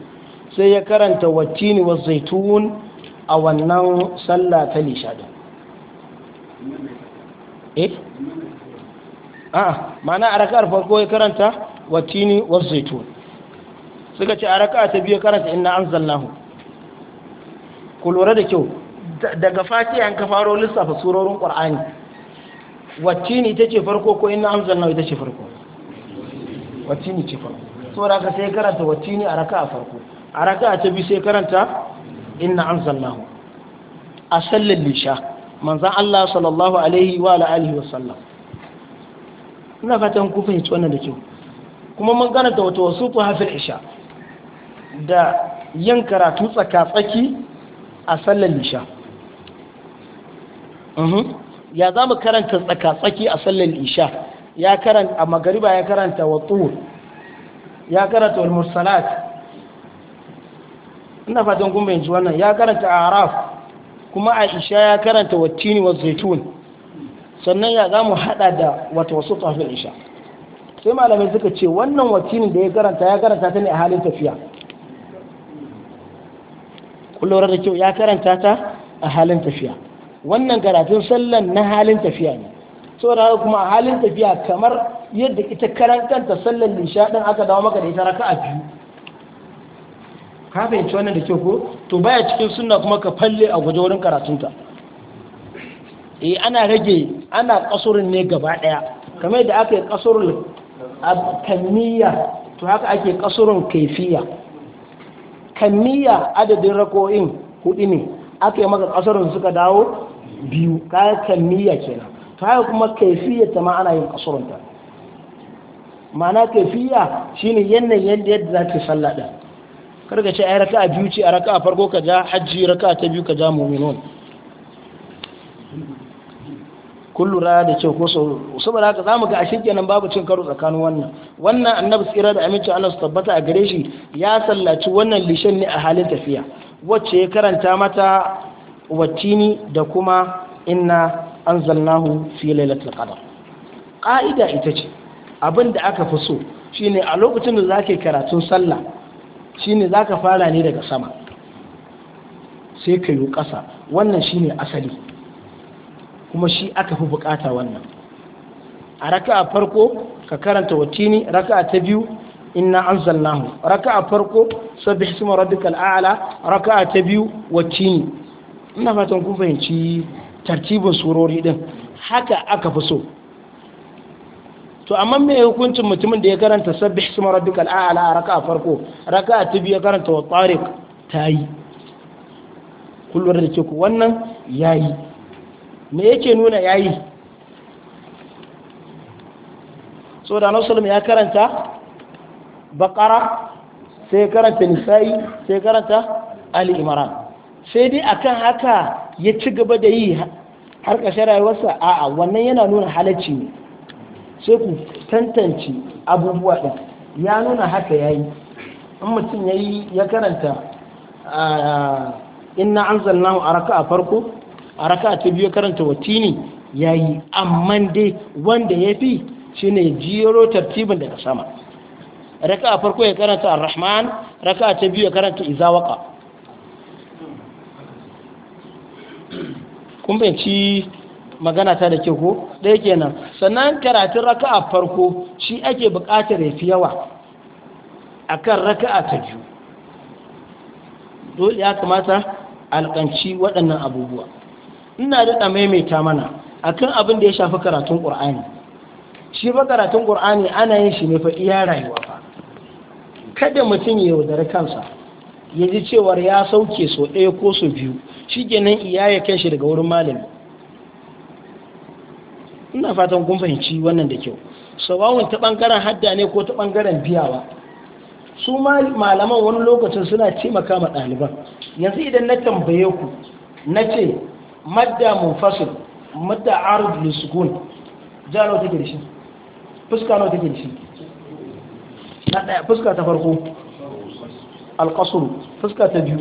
A: سيكرن والتين والزيتون أو أنه صلى تلشاء إيه آه معنى أركار فرقوه يكرن والتين والزيتون سيكرن أركار تبيه كرن إن أنزلناه ku lura da kyau daga fatiha an ka faro lissafa surorin qur'ani wacce ne ita ce farko ko inna anzalna ita ce farko wacce ne ce farko saboda ka sai karanta wacce ne a raka'a farko a raka'a ta bi sai karanta inna anzalnahu a sallar lisha manzon Allah sallallahu alaihi wa alihi wa sallam ina fatan ku fahimci wannan da kyau kuma mun karanta wata wasu hafil isha da yin karatu tsaka-tsaki Mm-hmm. a sallar isha ya za mu karanta tsaka-tsaki a sallar isha ya karanta a magariba ya karanta wa tsuhur ya karanta wal mursalat ina fatan kun yanzu wannan ya karanta a araf kuma a isha ya karanta wa tini wa zaitun sannan ya za mu hada da wata wasu tsafin isha sai malamai suka ce wannan watinin da ya karanta ya karanta ta ne a halin tafiya kullum da kyau ya karanta ta a halin tafiya wannan karatun sallan na halin tafiya ne saboda kuma a halin tafiya kamar yadda ita karan kanta sallan nishadin aka dawo maka da ita raka a biyu ka fahimci wannan da kyau ko to baya cikin sunna kuma ka falle a guje wurin karatunta eh ana rage ana kasurin ne gaba daya kamar yadda aka yi kasurin kamiyya to haka ake kasurin kaifiya kammiya adadin rako'in hudu ne aka yi maka kasarun suka dawo biyu kayan kammiya kenan ta haka kuma kaifiyar ta ma ana yin kasarin ta ma'ana shi ne yanayin yadda yadda za ta kar ka ce a yi raka a biyu ce a raka a farko ka ja hajji raka ta biyu ka ja mu'minun kun lura da ce ko saboda haka zamu ga ashe kenan babu cin karo tsakanin wannan wannan annabi tsira da aminci Allah su tabbata a gare shi ya sallaci wannan lishan ne a halin tafiya wacce ya karanta mata wattini da kuma inna anzalnahu fi lailatul qadr ƙa'ida ita ce abinda aka fi so shine a lokacin da zake karatun sallah shine zaka fara ne daga sama sai ka yi ƙasa wannan shine asali kuma shi aka fi bukata wannan a raka'a farko ka karanta watini raka'a ta biyu inna anzalnahu raka'a farko sabbih isma rabbikal a'la raka'a ta biyu watini ina fatan kun fahimci tartibin surori din haka aka fi so to amma me hukuncin mutumin da ya karanta sabbih isma rabbikal a'la a raka'a farko raka'a ta biyu ya karanta wa tariq tayi kullu da ke ku wannan yayi me yake nuna yayi so da nasu ya karanta bakara sai karanta nisa'i sai karanta ali sai dai akan haka ya ci gaba da yi har ƙashe rayuwarsa a'a wannan yana nuna halacci ne sai ku tantance abubuwa ɗin ya nuna haka ya yi in mutum ya yi ya karanta ah, inna an zanna a raka a farko a raka ta biyu karanta watini ya yi amma dai wanda ya fi shi ne jiro tartibin daga sama raka a farko ya karanta ar-rahman raka ta biyu ya karanta izawaka kun magana ta da ke ko ɗaya kenan sannan karatun raka a farko shi ake buƙatar ya fi yawa a kan raka a ta biyu dole ya kamata alƙanci waɗannan abubuwa ina daɗa maimaita mana akan abin da ya shafi karatun ƙur'ani shi ba karatun ƙur'ani ana yin shi ne fa iya rayuwa fa kada mutum ya yaudari kansa ya ji cewar ya sauke so ɗaya ko so biyu shi kenan iya ya kai shi daga wurin malami ina fatan kun fahimci wannan da kyau sawawun ta ɓangaren hadda ne ko ta ɓangaren biyawa su malaman wani lokacin suna taimaka ma ɗaliban yanzu idan na tambaye ku na ce madda munfasil madda arud lisukun ja nawa take da shi fuska nawa take da shi na daya fuska ta farko alqasru fuska ta biyu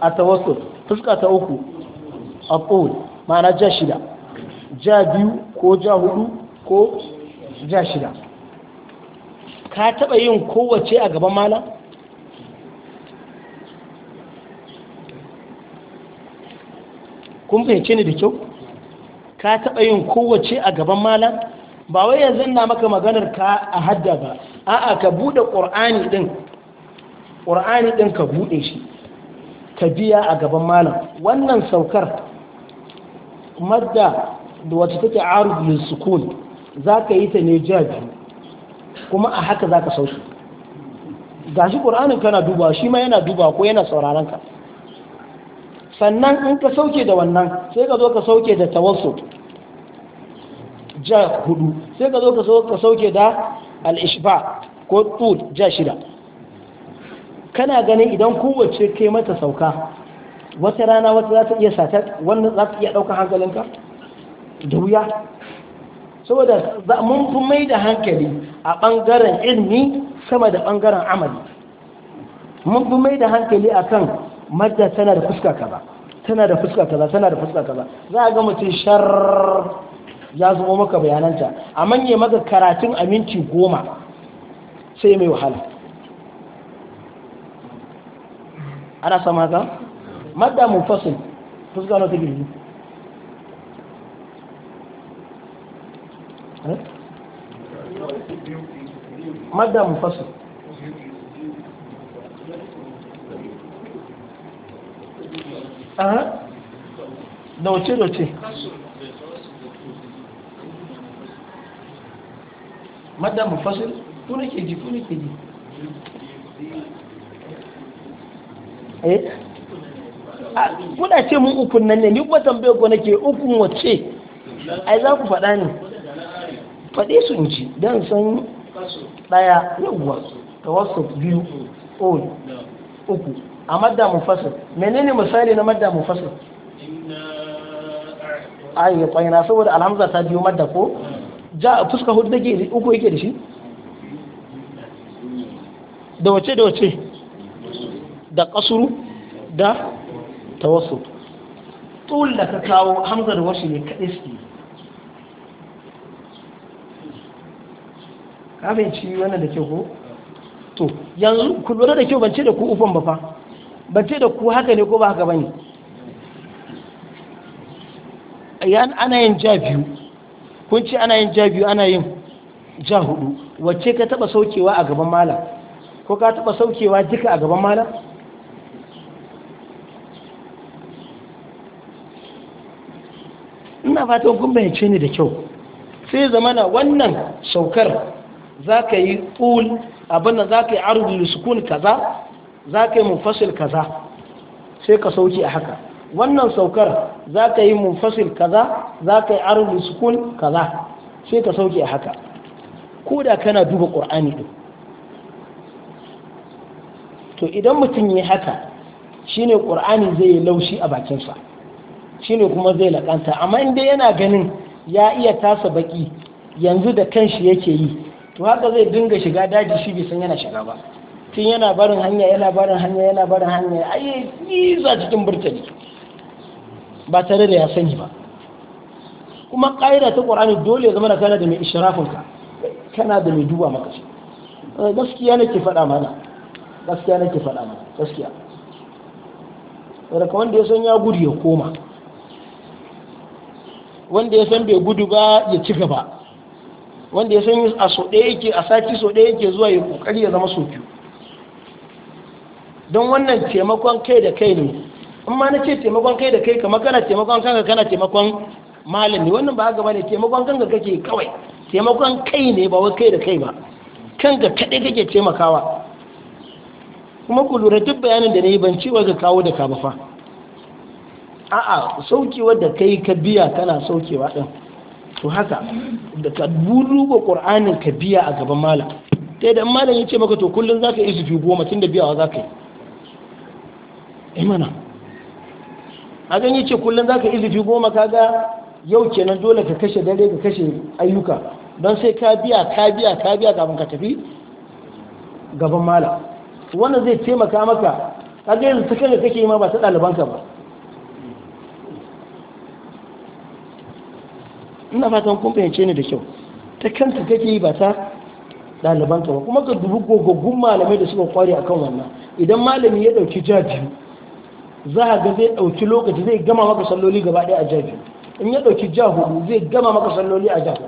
A: atawassul fuska ta uku aqul ma'ana ja shida ja biyu ko ja hudu ko ja shida ka taba yin kowace a gaban malam kun fahimce ni da kyau ka taɓa yin kowace a gaban malam ba wai yanzu na maka maganar ka a hadda ba a'a ka buɗe ƙur'ani ɗin ƙur'ani ɗin ka buɗe shi ka biya a gaban malam wannan saukar madda da wata take arud sukun za ka yi ta ne jabi kuma a haka za ka ga gashi ƙur'anin kana duba shi ma yana duba ko yana sauraron ka sannan in ka sauke da wannan sai ka zo ka sauke da tawassu ja hudu sai ka zo ka sauke da al-ishba ko tud ja shida kana ganin idan kowace kai mata sauka wata rana wata za ta iya satar wannan za ta iya ɗauka hankalinka da wuya saboda mun fi mai da hankali a ɓangaren ilmi sama da ɓangaren amali mun fi mai da hankali a kan madda tana da fuska kaza tana da fuska kaza tana da fuska kaza za a ga mutum shar ya zubo maka bayananta a ya maka karatun a minti goma sai mai wahala ana sama ka madda fasin fuska na ta eh?
B: madda madda fasin da wace da wace
A: madda mufasil ku nake ji ku nake ji eh kuna ce mun ukun nan ne ni kuma tambaye ko nake ukun wace ai za ku faɗa ne faɗe su ji don san ɗaya yawwa wasu biyu oh, uku a madda munfasil menene misali na madda munfasil ayi kwaina saboda alhamza ta biyo madda ko ja fuska hudu da uku yake da shi da wace da wace da kasuru da tawassul tul da ka kawo hamza da wasu ne kaɗai suke kafin ci wannan da ke ko to yanzu ku da kyau ban ce da ku ufan ba fa ba ce da ku haka ne ko ba haka bane yan ana yin ja biyu kun ce ana yin ja biyu ana yin ja hudu wacce ka taba saukewa a gaban malam ko ka taba saukewa duka a gaban malam ina fatan kun bayyace ni da kyau sai zamana wannan saukar za ka yi ƙul abinda za ka yi su sukun kaza za ka yi munfasil kaza sai ka sauki a haka wannan saukar za ka yi munfasil kaza za ka yi arzu sukun kaza sai ka sauki a haka ko da kana duba ƙur'ani ɗin to idan mutum ya haka shine ƙur'ani zai yi laushi a bakinsa shine kuma zai laƙanta amma inda yana ganin ya iya tasa baƙi yanzu da kanshi yake yi to haka zai dinga shiga daji shi bai san yana shiga ba tun yana barin hanya yana barin hanya yana barin hanya ai nisa cikin burtani ba tare da ya sani ba kuma ƙa'ida ta ƙwarani dole zama da kana da mai ishirafinka kana da mai duba maka ce eh, gaskiya ke faɗa mana gaskiya ke faɗa mana gaskiya daga wanda ya san ya gudu ya koma wanda ya san bai gudu ba ya ci gaba wanda ya san a so ɗaya yake a sati so yake zuwa ya ƙoƙari ya zama so don wannan taimakon kai da kai ne in ma na ce taimakon kai da kai kamar kana taimakon kanka kana taimakon ne wannan ba ga bane taimakon kanka kake kawai taimakon kai ne ba wai kai da kai ba kanka kadai kake taimakawa kuma ku lura duk bayanin da nayi ban ci wa kawo da ka ba fa a'a saukewa da kai ka biya kana saukewa din to haka da ka duba qur'anin ka biya a gaban malam sai da malam ya ce maka to kullun zaka yi su fi goma tun da biyawa zaka yi imana eh, a ganye ce kullum za ka izifi goma kaga yau kenan dole ka kashe dare ka kashe ayyuka don sai ka biya ka biya ka biya kafin ka tafi gaban mala wannan zai taimaka maka kaga yanzu ta kanka kake yi ma ba ta ɗalibanka ba ina fatan kun fahimce ni da kyau ta kanta kake yi ba ta ɗalibanka ba kuma ka dubi gogaggun malamai da suka kware akan wannan idan malami ya ɗauki jajiyu za a ga zai ɗauki lokaci zai gama maka salloli gaba ɗaya a jafi in ya ɗauki ja hudu zai gama maka salloli a jafi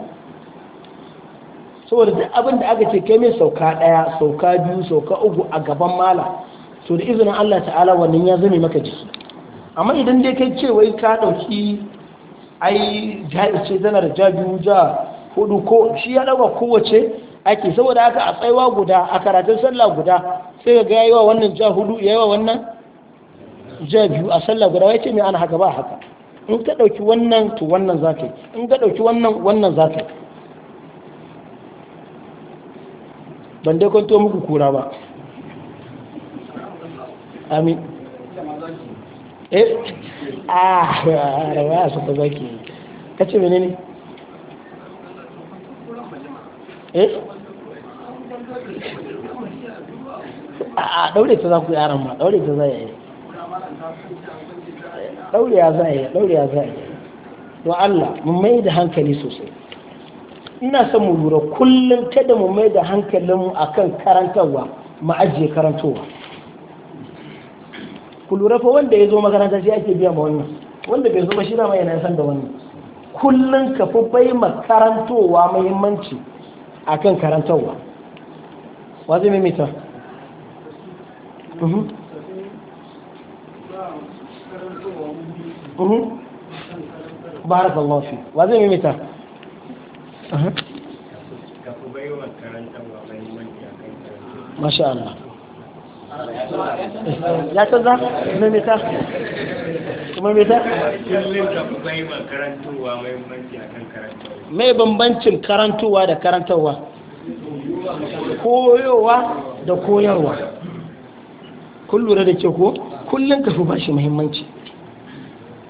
A: saboda abin da aka ce kai mai sauka ɗaya sauka biyu sauka uku a gaban mala to da izinin Allah ta'ala wannan ya zame maka jiki amma idan dai kai ce wai ka ɗauki ai ce tana da ja biyu ja hudu ko shi ya ɗauka kowace ake saboda haka a tsaiwa guda a karatun sallah guda sai ga yayi wa wannan ja hudu yayi wa wannan ja biyu a sallah guda wai ce mai ana haka ba haka in ka ɗauki wannan to wannan za ka yi in ka ɗauki wannan wannan za ka yi ban dai kwanto muku kura ba amin eh ah rawa su ta zaki ka ce mene ne eh a daure ta za ku yaran ma daure ta za ya yi ɗaurewa za a yi ɗaurewa za a yi don Allah mu mai da hankali sosai ina son mu lura kullum kada mu mai da hankalinmu a kan karantarwa mu ajiye karantowa ku lura fa wanda ya zo makaranta shi ake biya ma wannan wanda bai zo ba shi da mai yana san da wannan kullum ka fi bai ma karantowa muhimmanci a kan karantarwa wa zai mimita mhm.
B: barakallahu fi
A: wa zai mimita masha Allah
B: ya canza mimita kuma mita?
A: mai bambancin karantowa da karantarwa koyowa da koyarwa kun lura da ke ko kullum ka fi ba shi muhimmanci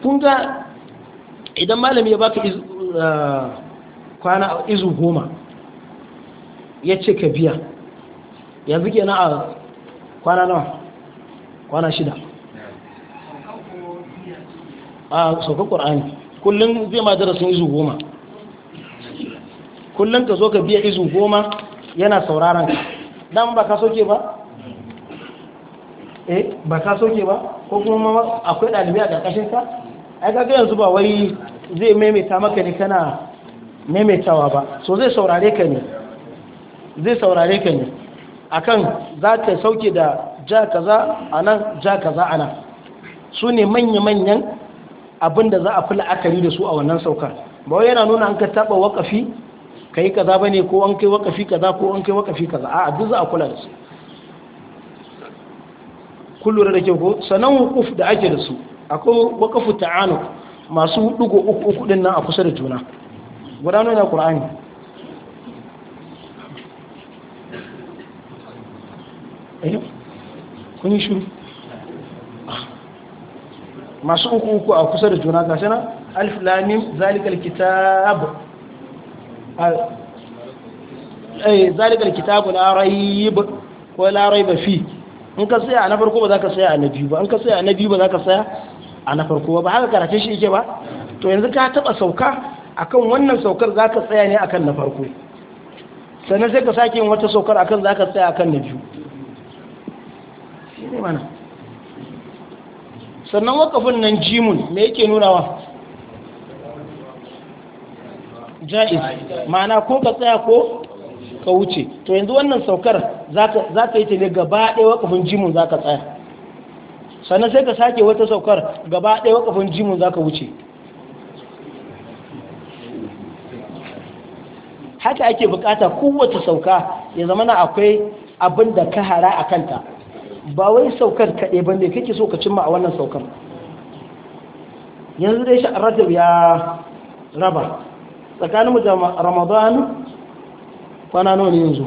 A: kun ga idan malami ya baka eh, kwana izu goma ya ce ka biya yanzu na a kwana nawa kwana shida a saukar ƙwar'ani kullum zai ma darasin izu goma kullum ka zo ka biya izu goma yana sauraron ka dan ba ka soke ba eh ba ka soke ba ko kuma akwai ɗalibi a ƙarƙashin ka ai ga yanzu ba wai zai maimaita maka ne kana maimaitawa ba so zai saurare ka ne zai saurare ka ne akan za ka sauke da ja kaza nan, ja kaza nan. su ne manya-manyan abin da za a fi la'akari da su a wannan saukar ba wai yana nuna an ka taba wakafi ka yi kaza ne ko an kai wakafi kaza ko an kai wakafi kaza a duk za a kula da su kullum da ke ko sanan hukuf da ake da su akwai wakafu ta'anu masu dugo uku uku nan a kusa da juna gudanar da ƙur'ani ayo eh, kun yi shuru masu uku uku a kusa da juna ga sana alif lamim zalikal kitab ai eh, zalikar kitab na rayib ko la rayba fi in ka a na farko ba za ka tsaya a na biyu ba in ka tsaya a na biyu ba za ka tsaya. a na farko ba haka karatun shi yake ba to yanzu ka taba sauka akan wannan saukar zaka tsaya ne akan na farko sannan sai ka sake yin wata saukar akan zaka tsaya akan na biyu ne mana sannan wakafin nan jimun me yake wa ja'iz ma'ana ko ka tsaya ko ka wuce to yanzu wannan saukar za ka yi ta ne gaba ɗaya wakafin jimun za ka tsaya sannan sai ka sake wata saukar gaba ɗaya wakafin jimin za ka wuce haka ake bukata kowace sauka ya zama na akwai abin da ka hara a kanta ba wai saukar kaɗai ba ne kake so ka cimma a wannan saukar yanzu dai sha'aratul ya raba tsakanin mu da ramadan kwana nawa ne yanzu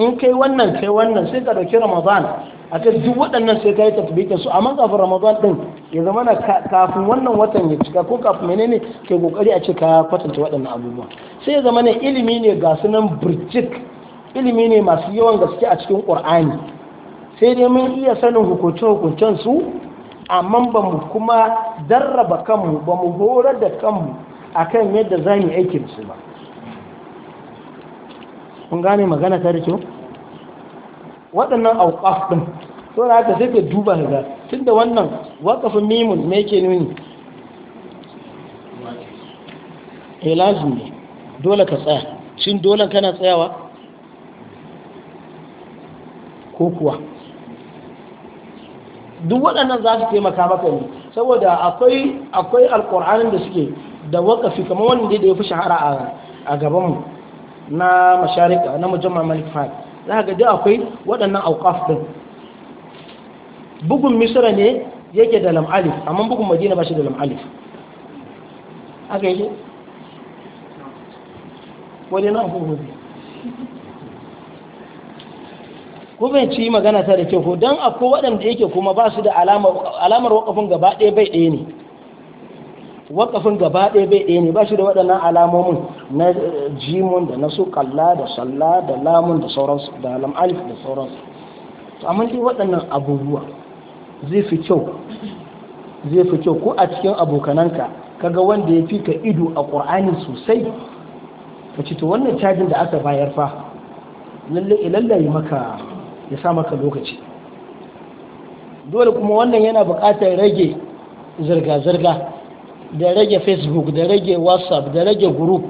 A: in kai wannan kai wannan sai ka dauki ramadan ta duk waɗannan sai ka yi tatbikin su a kafin ramadan din ya zama na kafin wannan watan ya cika ko kafin menene ke kokari a cika kwatanta waɗannan abubuwa sai ya zama ne ilimi ne ga sunan birjik ilimi ne masu yawan gaske a cikin Kur'ani. sai dai mun iya sanin hukunce-hukuncen su amma ba mu kuma darraba kanmu ba mu horar da kanmu akan yadda za mu aikin su ba kun gane magana ta da kyau waɗannan auƙaf ɗin so na haka sai ka duba ga tun wannan wakafin mimun me ke nuni eh lazim ne dole ka tsaya shin dole kana tsayawa ko kuwa duk waɗannan za su taimaka maka ne saboda akwai akwai da suke da wakafi kamar wanda da ya fi shahara a gabanmu na masharika na mujamman malik fahad za ka gaji akwai waɗannan auƙaf bugun misra ne yake da lam'alif amma bugun madina ba shi da lam'alif aka yake wani na hukuku ko
B: kuma ci magana ta da kyau
A: ko don akwai waɗanda yake kuma ba su da alamar wakafin gaba ɗaya bai ɗaya ne wakafin gaba ɗaya bai ɗaya ne ba shi da waɗannan alamomin na eh, jimun da na su kalla da salla da lamun da sauransu da lam'alif da sauransu amma dai waɗannan abubuwa zai fi kyau zai fi kyau ko a cikin abokananka kaga wanda ya fi ka ido a ƙur'ani sosai ka ci wannan cajin da aka bayar fa lalle lallai maka ya sa maka lokaci dole kuma wannan yana buƙatar rage zirga-zirga da rage facebook da rage whatsapp da rage group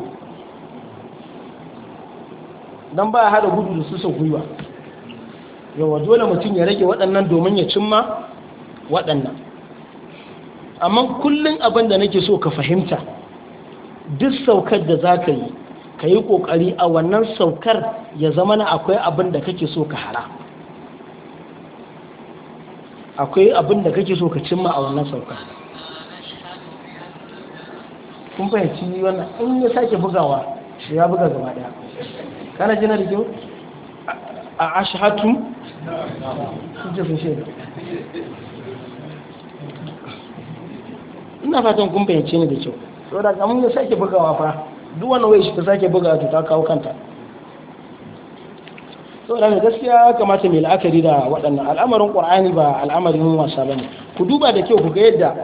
A: don ba a haɗa gudu da su gwiwa yawa dole mutum ya rage waɗannan domin ya cimma waɗannan amma kullum abin da nake so ka fahimta duk saukar da za ka yi ka yi ƙoƙari a wannan saukar ya zama na akwai abin da kake so ka hara akwai abin da kake so ka cimma a wannan saukar kun fahimci wannan in ya sake bugawa ya buga gaba ɗaya kana jina da kyau a ashahatu
B: sun ce sun shaida
A: ina fatan kun fahimce ni da kyau saboda kamun ya sake bugawa fa duk wani wai shi ta sake bugawa to ta kawo kanta saboda ne gaskiya kamata mai la'akari da waɗannan al'amarin ƙur'ani ba al'amarin wasa bane ku duba da kyau ku ga yadda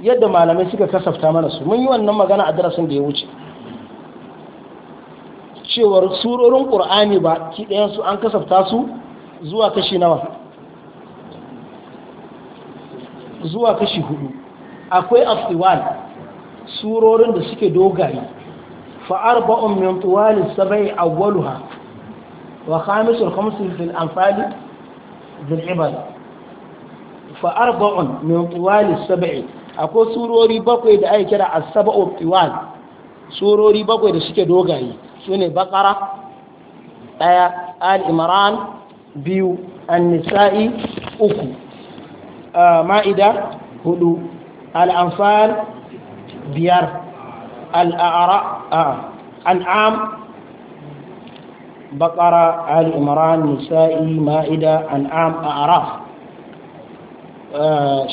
A: yadda malamai suka kasafta mana su mun yi wannan magana a darasin da ya wuce cewar surorin ƙur'ani ba ki ɗayan su an kasafta su zuwa kashi nawa zuwa kashi hudu akwai afiwal surorin da suke dogaye fa'arba'un min tuwalin sabai awwaluha wa khamisul khamsin fil anfali zil ibad fa'arba'un min tuwalin sabai akwai surori bakwai da ake kira as-sab'u tuwal surori bakwai da suke dogaye sune baqara daya al-imran biyu an-nisa'i uku ah, ma'ida hudu al'amfal biyar al'am bakara al'imran nisa'i ma'ida an'am a'raf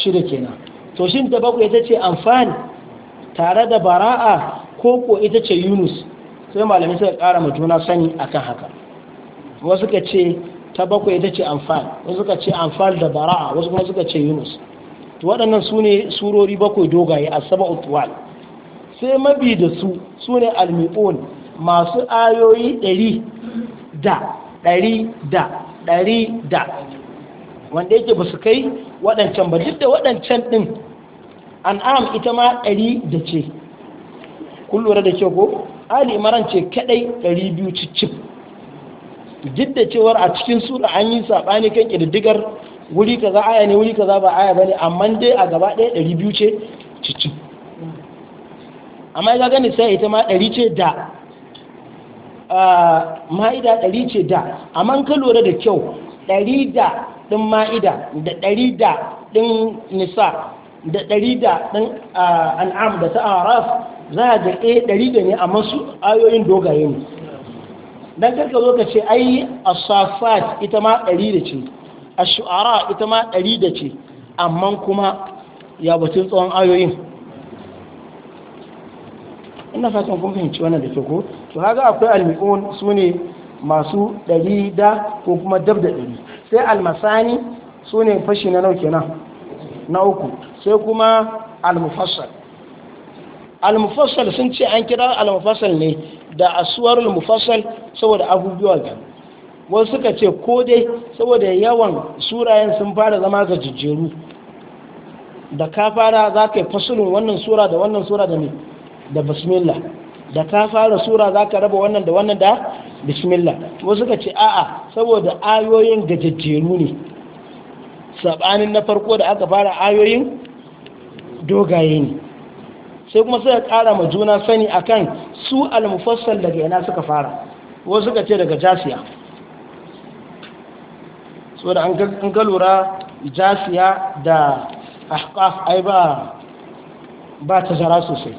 A: shida kenan to shin ta bakwai ita ce amfani tare da bara'a ko ko ita ce yunus sai malamai suka kara ma juna sani akan haka wasu ka ce ta bakwai ita ce amfani wasu ka ce amfani da bara'a wasu kuma suka ce yunus to waɗannan su ne surori bakwai dogaye a saba utuwal sai mabi da su su ne almi'un masu ayoyi ɗari da ɗari da ɗari da wanda yake ba su kai waɗancan ba duk da waɗancan ɗin an'am ita ma ɗari da ce kun da kyau ko ali imaran ce kaɗai ɗari biyu cicif duk da cewar a cikin sura an yi saɓani kan ƙididdigar wuri za aya ne wuri kaza ba aya bane amma dai a gaba ɗaya ɗari biyu ce cici amma ya gani sai ita ma ɗari ce da ma'ida ɗari ce da amma ka lura da kyau ɗari da ɗin ma'ida da ɗari da ɗin nisa da ɗari da ɗin an'am da ta araf za a ga ɗaya eh, ɗari da ne amma su ayoyin dogaye ne don karka zo ka ce ai asafat ita ma ɗari da ce ashu'ara ita ma ɗari da ce amma kuma ya batun tsawon ayoyin ina fatan kun fahimci wannan da ke ko to haka akwai almi'un su ne masu ɗari da ko kuma dab da ɗari sai almasani su ne fashi na nau kenan na uku sai kuma almufassal almufassal sun ce an kira almufassal ne da asuwar mufassal saboda abubuwa biyu wasu suka ce ko dai saboda yawan surayen sun fara zama ga jijjiru da ka fara za ka yi fasulun wannan sura da wannan sura da ne da bismillah da ka fara sura za ka raba wannan da wannan da bismillah wasu suka ce a'a saboda ayoyin ga jijjiru ne sabanin na farko da aka fara ayoyin dogaye ne sai kuma suka kara ma juna sani akan su al-mufassal daga ina suka fara wasu suka ce daga jasiya so da an ga jasiya da ahqaf ai ba ba ta jara sosai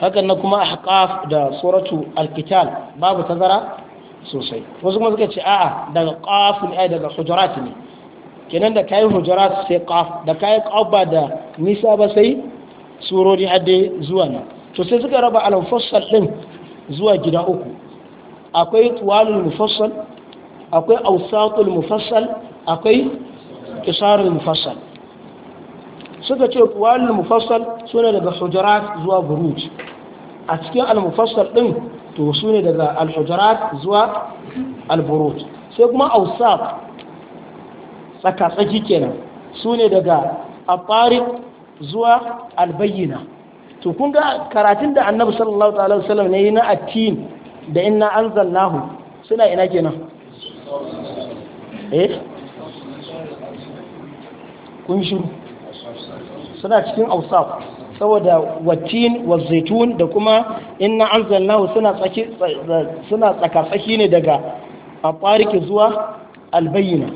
A: hakan na kuma ahqaf da suratu alkital babu ta tazara sosai wasu kuma suka ce a'a daga qaf ne ai daga hujurat ne kenan da kai hujurat sai qaf da kai qaf ba da nisa ba sai surori hadde zuwa nan to sai suka raba al-mufassal din zuwa gida uku akwai tuwalul mufassal akwai ausatul mufassal akwai kisarul mufassal suka ce kuwalul mufassal sune daga hujurat zuwa buruj a cikin al-mufassal ɗin to sune daga al-hujurat zuwa al-buruj sai kuma ausat tsaka-tsaki kenan sune daga afari zuwa al to kun ga karatun da annabi sallallahu alaihi wasallam ne na atin da inna anzalnahu suna ina kenan eh kun shiru suna cikin ausaf saboda watin wa da kuma inna anzalnahu suna tsaki suna tsaka tsaki ne daga afariki zuwa albayyina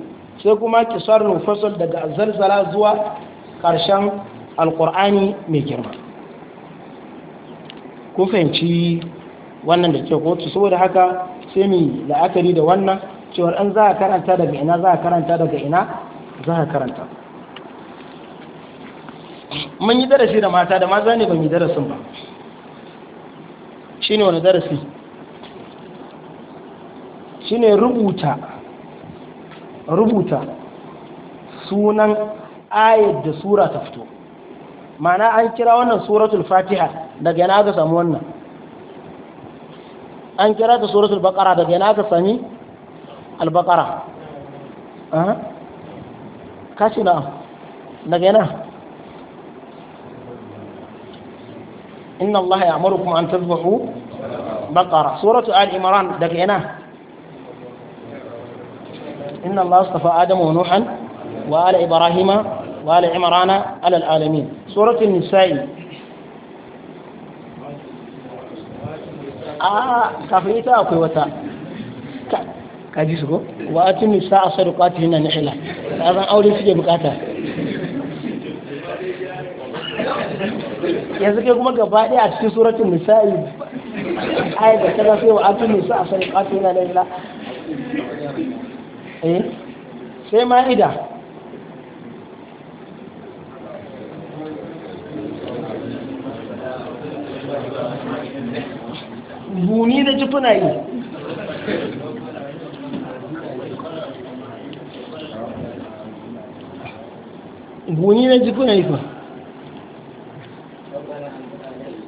A: sai kuma kisar fasal daga zalzala zuwa karshen alkur'ani mai girma kun fahimci wannan da ke kotu saboda haka sai mu la'akari da wannan cewar an za a karanta daga ina za a karanta daga ina za a karanta mun yi darasi da mata da maza ne ban yi darasin ba shi ne wani darasi shi ne rubuta rubuta sunan ayat da sura ta fito mana an kira wannan suratul fatiha daga yana ka samu wannan an kira ta suratul baqara daga yana ka sami البقرة ها كاسنا نجينا إن الله يأمركم أن تذبحوا بقرة سورة آل عمران دقينا إن الله اصطفى آدم ونوحا وآل إبراهيم وآل عمران على العالمين سورة النساء آه كافيتا أو كويتا ka ji su ko wa a tuni sa a sadukati na nihila da zan aure suke bukata
B: yanzu kai kuma gaba ɗaya a cikin suratun
A: misali. ayat da ta sai wa a tuni sa a sadukati na nihila eh sai ma'ida buni da jifuna yi guni na ji kuna ifa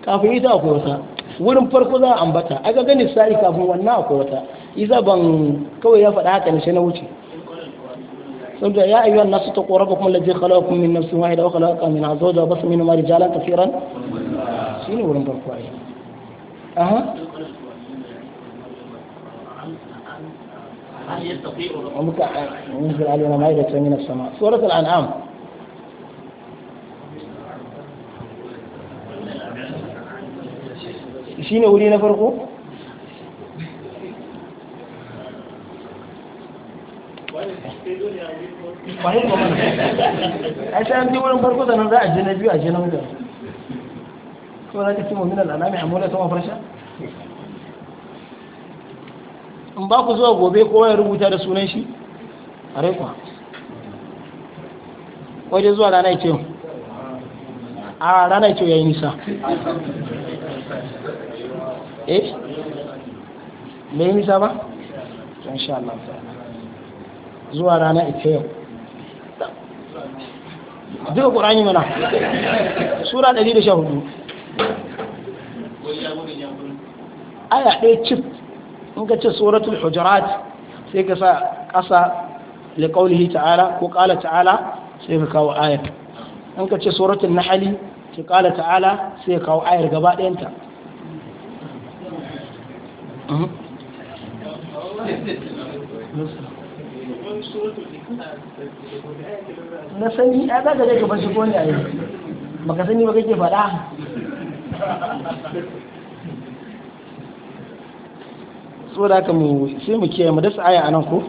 A: kafin ita akwai wata wurin farko za a ambata aka gani sai kafin wannan akwai wata isa ban kawai ya faɗa haka ne na wuce saboda ya ayyuhan nasu ta ƙorafa kuma lajin khalaqakum min nafsin wahida wa khalaqa min azwaja basu min ma rijalan kafiran shine wurin farko ai aha ومكأ ينزل علينا مائدة من السماء سورة الأنعام shine wuri na farko
B: a sha an wurin farko da nan za a je na biyu a je na wurin
A: ko za ta kimo minal alami a mura sama farsha in ba ku zuwa gobe ko ya rubuta da sunan shi a rai kuwa waje zuwa rana ya ce a rana ya ce ya yi nisa eh me yi nisa ba insha Allah zuwa rana ita yau duka ƙurani mana sura 114 aya ɗaya cif in ka ce suratul hujurat sai ka sa ƙasa liƙaulihi ta'ala ko ƙala ta'ala sai ka kawo ayar in ka ce suratul nahali sai ƙala ta'ala sai ka kawo ayar gaba ɗayanta
B: na sani a za ka je ka bashi kone a yau
A: baka sani ba kake faɗa so da haka mu sai mu kiyaye mu dasa aya anan ko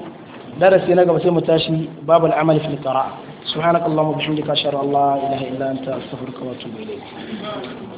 A: darasi na gaba sai mu tashi babu al'amali fil qira'a subhanakallahumma wa bihamdika ashhadu an la ilaha illa anta astaghfiruka wa atubu ilayk